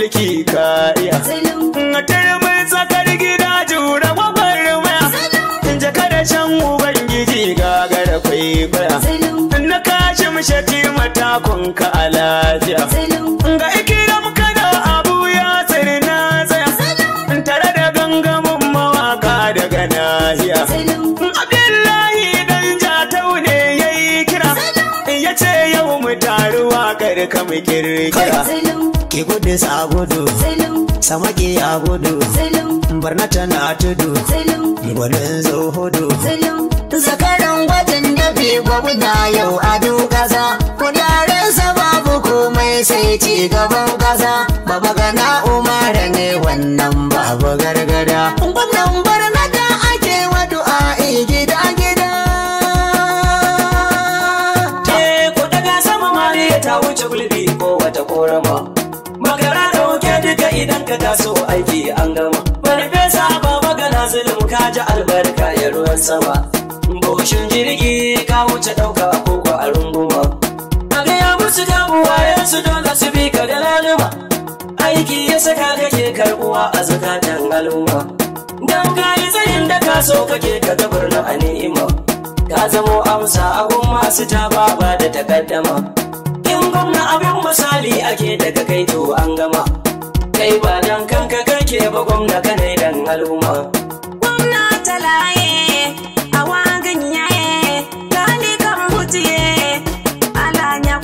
mulki ka iya mai tsakar gida jura gwagwarmaya jaka da can ubangiji gagara kwaikwaya na kashi mashati matakon ka a lafiya ga ikiram kada abu ya tsiri na tsaya tare da gangamin mawaka daga nahiya abdullahi dan ne ya yi kira ya ce yau mu taruwa kar ka kirkira Ki gudu sa gudu, sama ki ya gudu, barna tana tudu, gudun zuhudu. Zakaran gwajin dafi gwamna yau a dukaza. kudaren sa babu komai sai ci gaban kaza. Baba magana umara ne wannan babu gargada. Gwamnan barna da ake wadu'a gida gida. Ta eh, sama ta wuce gulbi ko wata korama. ta albarka ya ruwan sama boshin jirgi ka wuce ɗauka koko a runguma a gaya musu damuwa yansu dole su bi ka da laluma aiki ya saka kake karbuwa a zakatan al'umma dan yi tsayin da ka so kake ka gabar na a ni'ima ka zamo amsa abun masu taba ba da takaddama in gwamna abin misali ake daga kai to an gama kai ba dan kanka kake ba gwamna kanai dan al'umma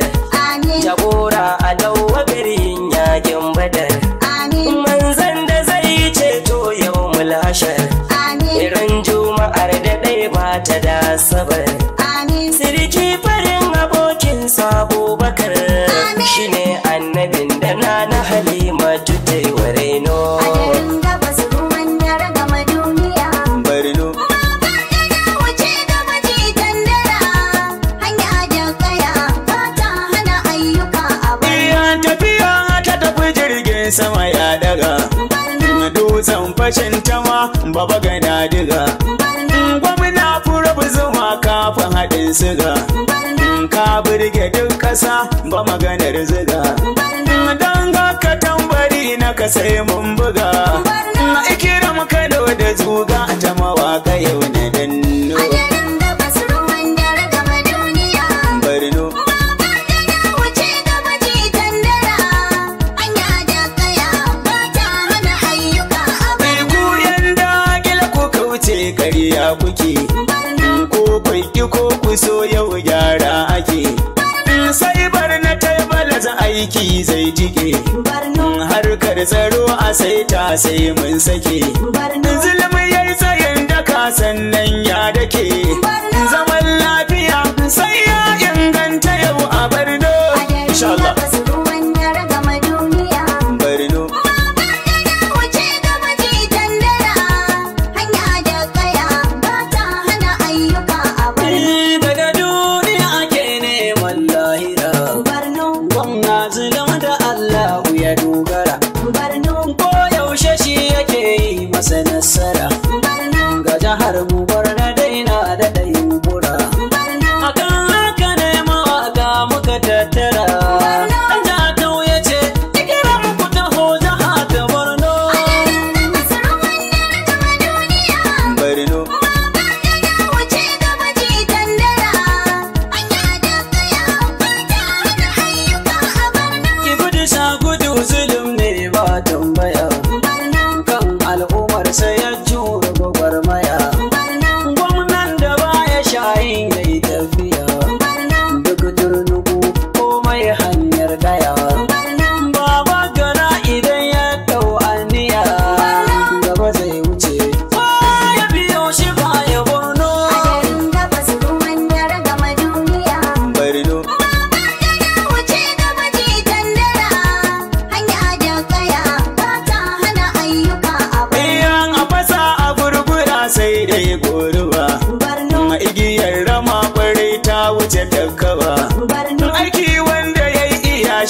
badar jagora a dawa birin yakin badar manzan da zai ceto yau mulashar irin juma'ar da ɗai ba ta da sabar baba gana diga gwamna furabu zuma kafin haɗin siga ka birge duk ƙasa ba maganar ziga don ka tambari na ka sai mun buga ikiram kano da zuga ta mawaƙa yau ne ake ko kwanki ko kuso yau gyara ake sai na ta balaza aiki zai jike harkar tsaro a sai ta sai mun sake zulmi ya yi tsayin daka sannan ya dake zaman lafiya sai ya inganta yau a barna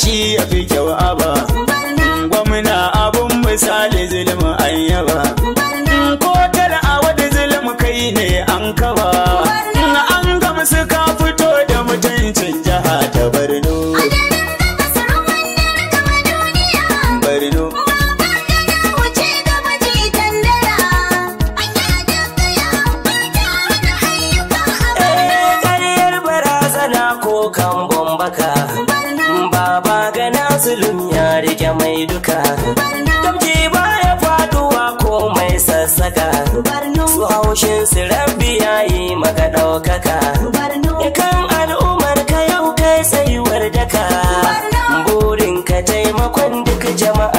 shi ya fi kyau aba gwamna abun misali zulmin ayyaba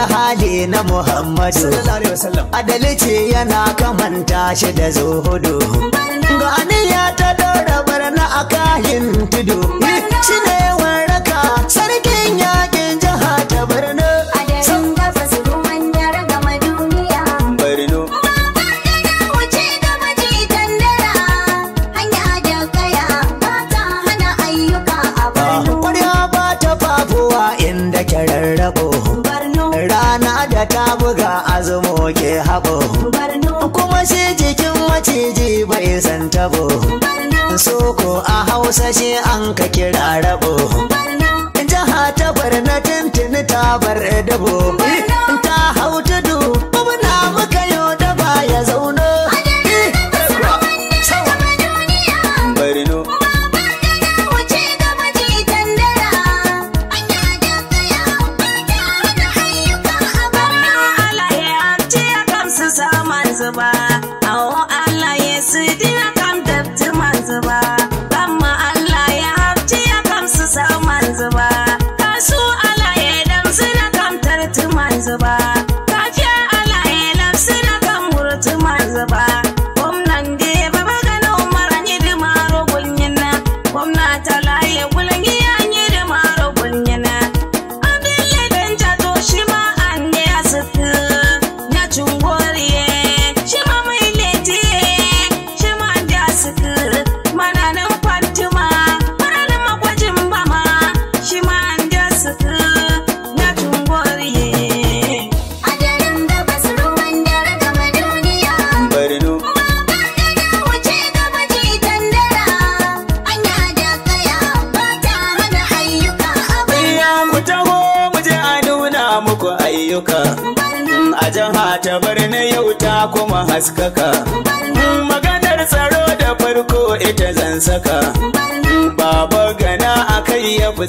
da hali na Muhammadu adalci yana kamanta shi da zuhudu ga ya ta dora barna a kahin tudu shi ne warraka sarkin yaki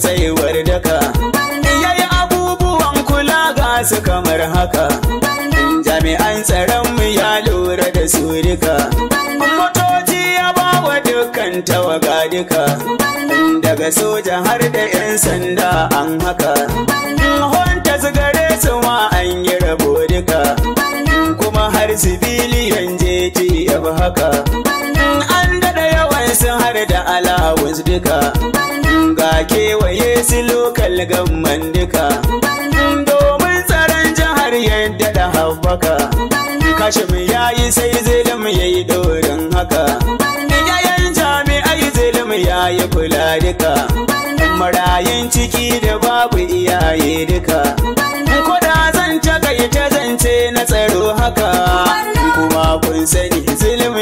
tsayuwar daka yayi abubuwan kula ga su kamar haka jami'an tsaron mu ya lura da su duka motoci ya ba wa dukkan tawaga duka daga soja har da 'yan sanda an haka honta su gare su ma an yi rabo duka kuma har su biliyan jeji yabi haka an daɗa yawan sun har da alawus duka ga kewaye su lokal gamman duka domin tsaron jihar yadda da haɓaka kashim ya yi sai zilim ya yi ɗorin haka yayan jami'ai zilim ya yi kula duka marayun ciki da babu iyaye duka kuda zan ta zance na tsaro haka kuma kun sani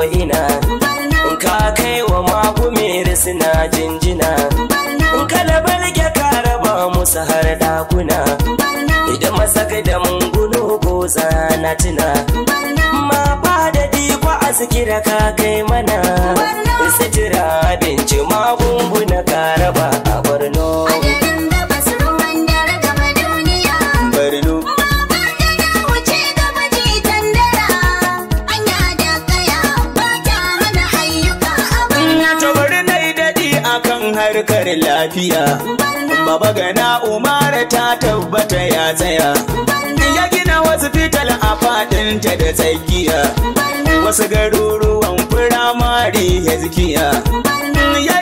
ina in ka kai wa magumiri suna jinjina kala balge ka raba musu har dakuna idan masaka da mungunu ko zana tuna ma ba da diko a sikira ka kai mana sitira abinci magunguna ka raba a barno harkar lafiya baba gana umara ta tabbata ya tsaya ya gina wasu fitar a fadinta da tsakiya wasu garuruwan firamare ya zikiya ya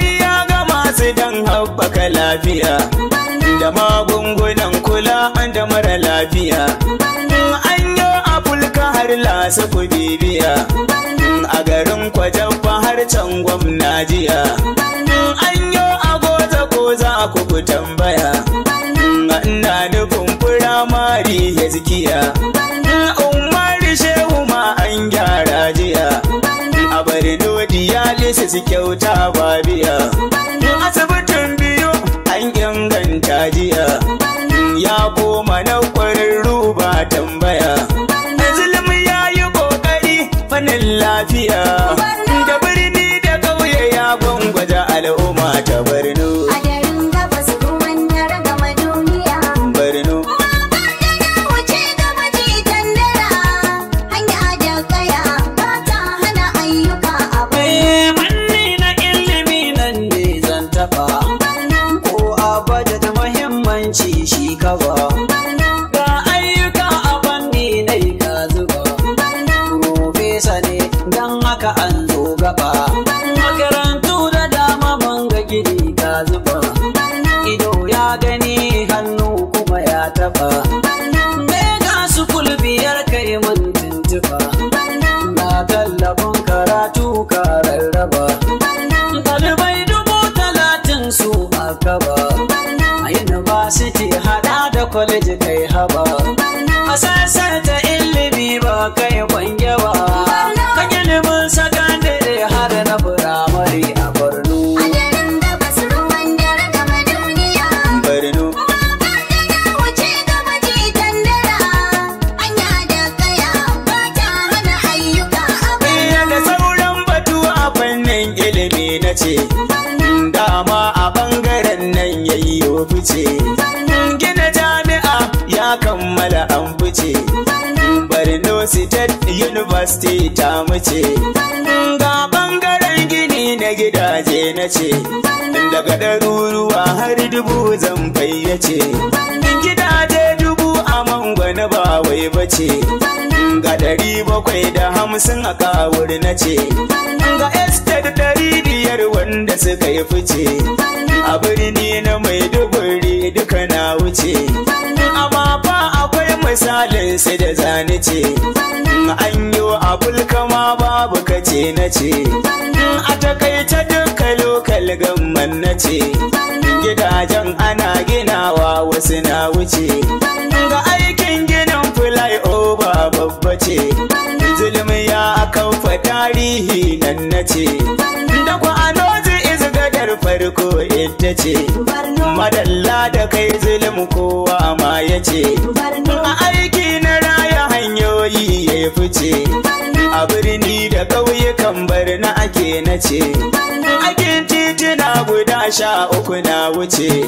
ga masu don haɓaka lafiya da magungunan kula da mara lafiya an yi afulka har lasa bibiya a garin kwajen har can tambaya ina nufin firamari ya zikiya umar shehu ma an gyara jiya a bari dodi ya lisa su kyauta babiya. dan haka an zo gaba kammala an fice Borno State University ta muce ga bangaren gini na gidaje na ce daga ɗaruruwa har dubu zan fayyace gidaje dubu a mangwana ba wai bace ga ɗari bakwai da hamsin a kawur na ce ga estate ɗari biyar wanda suka yi fice a birni na mai ri duka na wuce misalin sai da zane ce an yi abul kama babu kace na ce a takaita duka lokal gamman na ce gidajen ana ginawa wasu na wuce ga aikin ginin fly over babba ce zulmi ya akan fa tarihi nan na ce da ku a maganar farko ita ce madalla da kai zulum kowa ma ya ce a aiki na raya hanyoyi ya fice a birni da ƙauyukan barna ake na ce tituna guda sha uku na wuce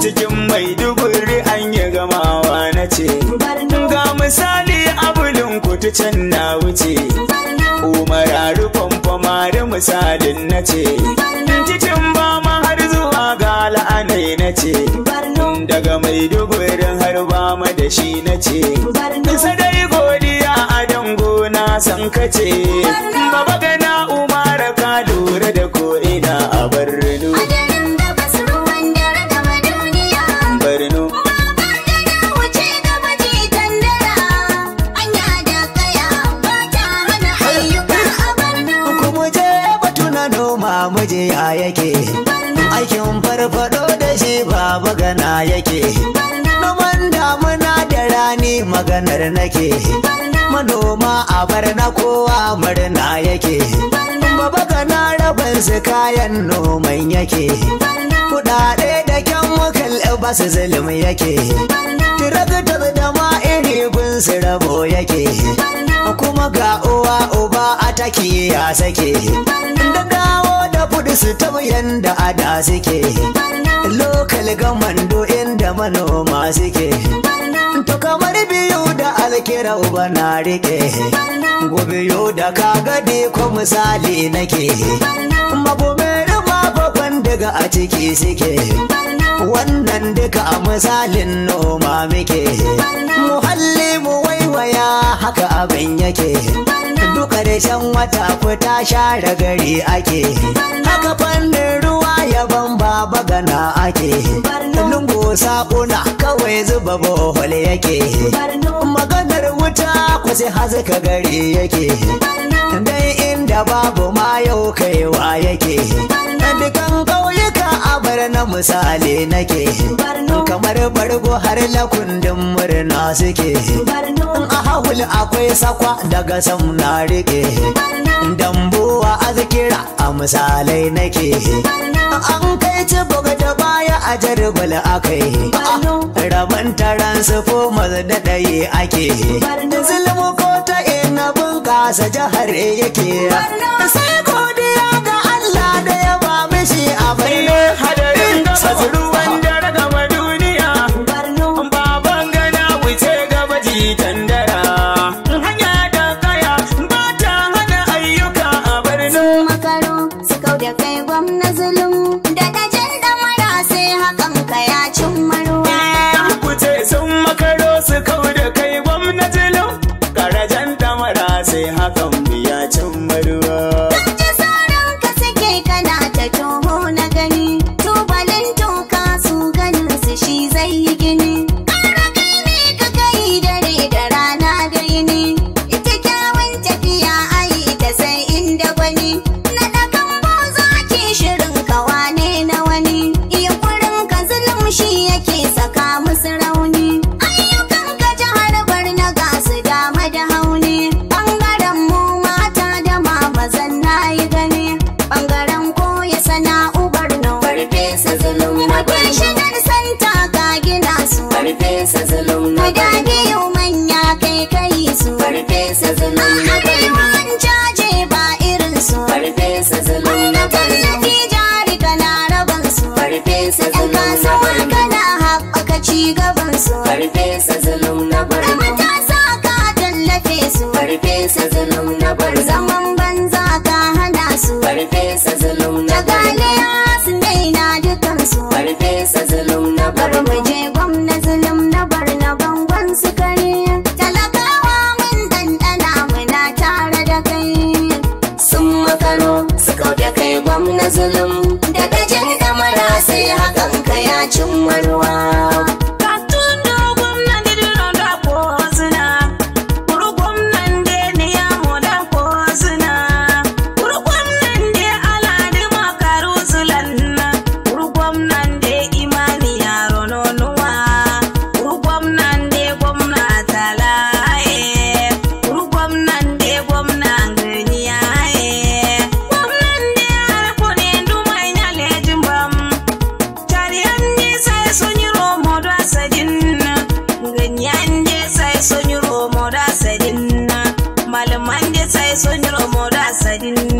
cikin mai duguri an yi gamawa na ce ga misali abulin kutu can na wuce umararu famfama da misalin na ce Cikin ba ma har zuwa ga la'anai na ce daga mai har ba ma da shi na ce sadai godiya a dango na san kace gana umar dare ka lura da ko'ina a barnu. A daren gabas ruwan maduniya. Barnu. Muje ya yake, aikin farfado da shi ba magana yake, noman damuna da rani maganar nake, manoma a bar na kowa murna yake. Baba gana rabin su kayan noman yake. Kuɗaɗe da kyan mukal ba su yake. Tiraktar da ma iri bin su rabo yake. Kuma ga uwa uba a taki ya sake. Da dawo da fudu su da ada suke. Lokal ga inda manoma suke. to kamar biyu da alkira uba na rike gobe yau da kagade ko misali nake magomere ma babban daga a ciki suke wannan duka a misalin noma muke muhalli mu waiwaya haka abin yake da shan wata fita share gari ake haka fanni yaban baba gana ake lungu sakuna kawai zuba bohol yake maganar wuta kwasi hazaka gari yake misali nake kamar bargo har lakundin murna suke a hahul akwai sakwa daga sam na rike dambuwa a zikira a misalai nake an kai ci buga da baya a jarbal akai raban taran sufo da ɗaye ake zulmu ko ta ina bunƙasa jihar yake sai godiya ga Allah da ya ba mishi a bayan ruwan dare kamar I saw your mother sadin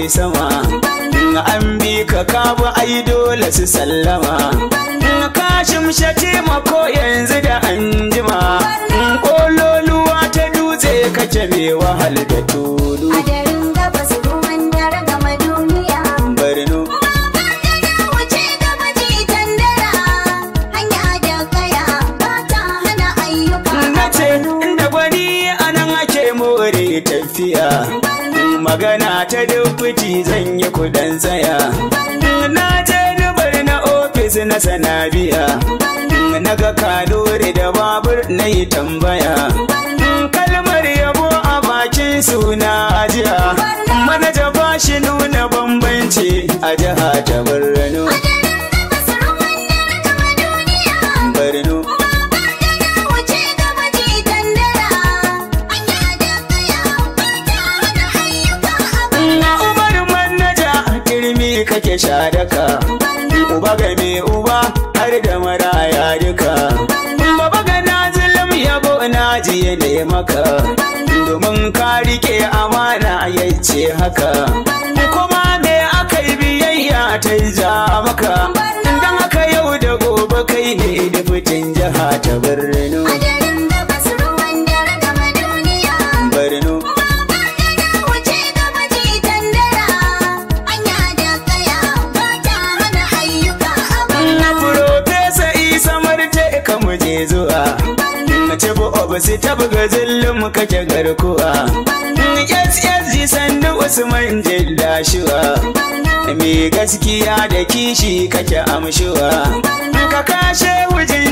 kai sama in an bi ka kabu ai dole su sallama in ka shimshe ko yanzu da anjima in kololuwa ta dutse kace me wahal da magana ta dukuti zan yi kudan tsaya na je dubar na ofis na sanabiya na ga kadori da babur na yi tambaya kalmar yabo a bakin suna ajiya manaja ba shi nuna bambanci a jiha ta birnin kake shadaka uba ga me uba har da maraya duka baba ga nazilim yabo na ne maka domin ka rike amana yace haka kuma me akai biyayya ta ja maka dan haka yau da gobe kai ne da fitin jiha ta birnin ta ga zillin kake garkuwa SSG sannu Usman shuwa Me gaskiya da kishi kake amshuwa Ka kashe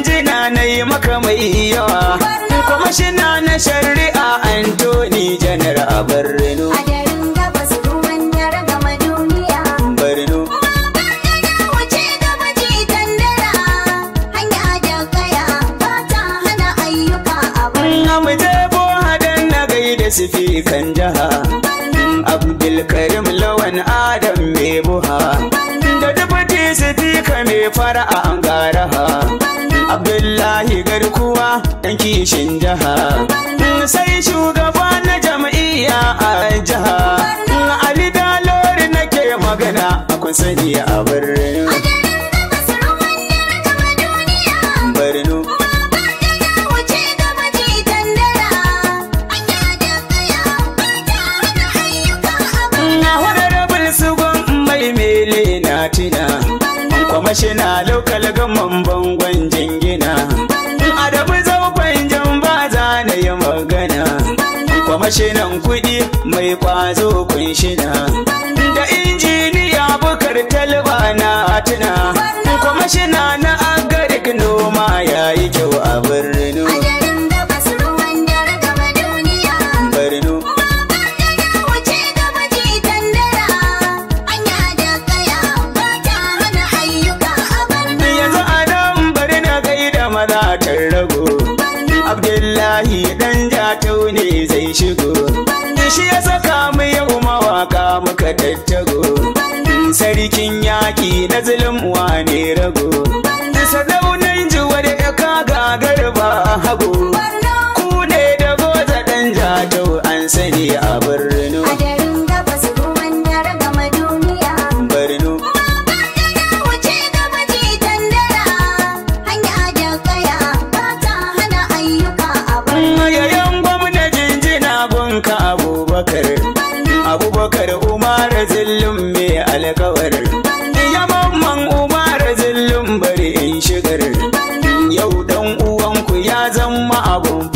jina na yi maka mai yawa Kuma shina na shari'a an Yeah. kwamishinan kuɗi mai ƙwazo kunshina da injiniya bukar talba na tuna shina na agarik noma yayi kyau a birnin na zulum wane rago. Sadaunan juwa da ya kaga garba hagu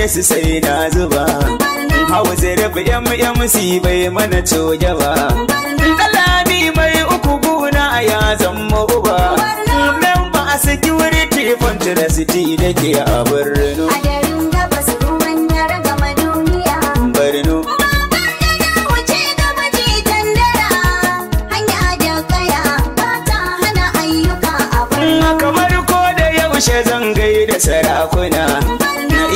wanke su sai na zuba hawa zai rabu yan bai mana coge ba mai uku guna ya zama uba memba a security fantasy da ke a birnin a garin gabas ruwan ya ragama duniya birnin kamar ko da yaushe zan gaida sarakuna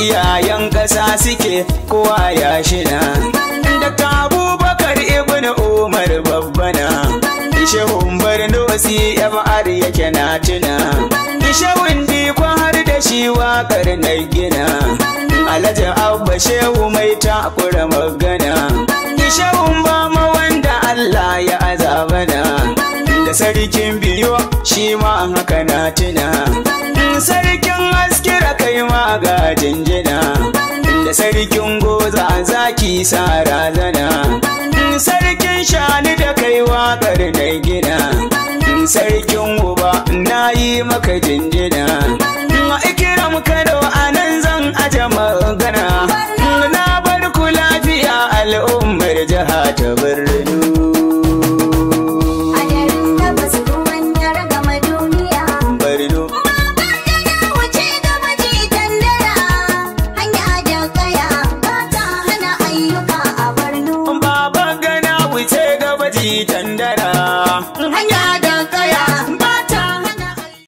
iyayen ƙasa suke kowa ya shina daga Bakar ibn umar babbana shehun barno si mr yake na tuna shehun dikwa har da shi waƙar na gina alhaji abba shehu mai takura magana shehun ba ma wanda allah ya azabana da sarkin biyo shi ma haka na tuna ga jinjina inda sarkin goza zaki sa razana sarkin shani da kai waƙar da gina sarkin uba na yi maka jinjina ma ikiram kado a nan zan aje magana na bar ku lafiya al'ummar jiha ta birni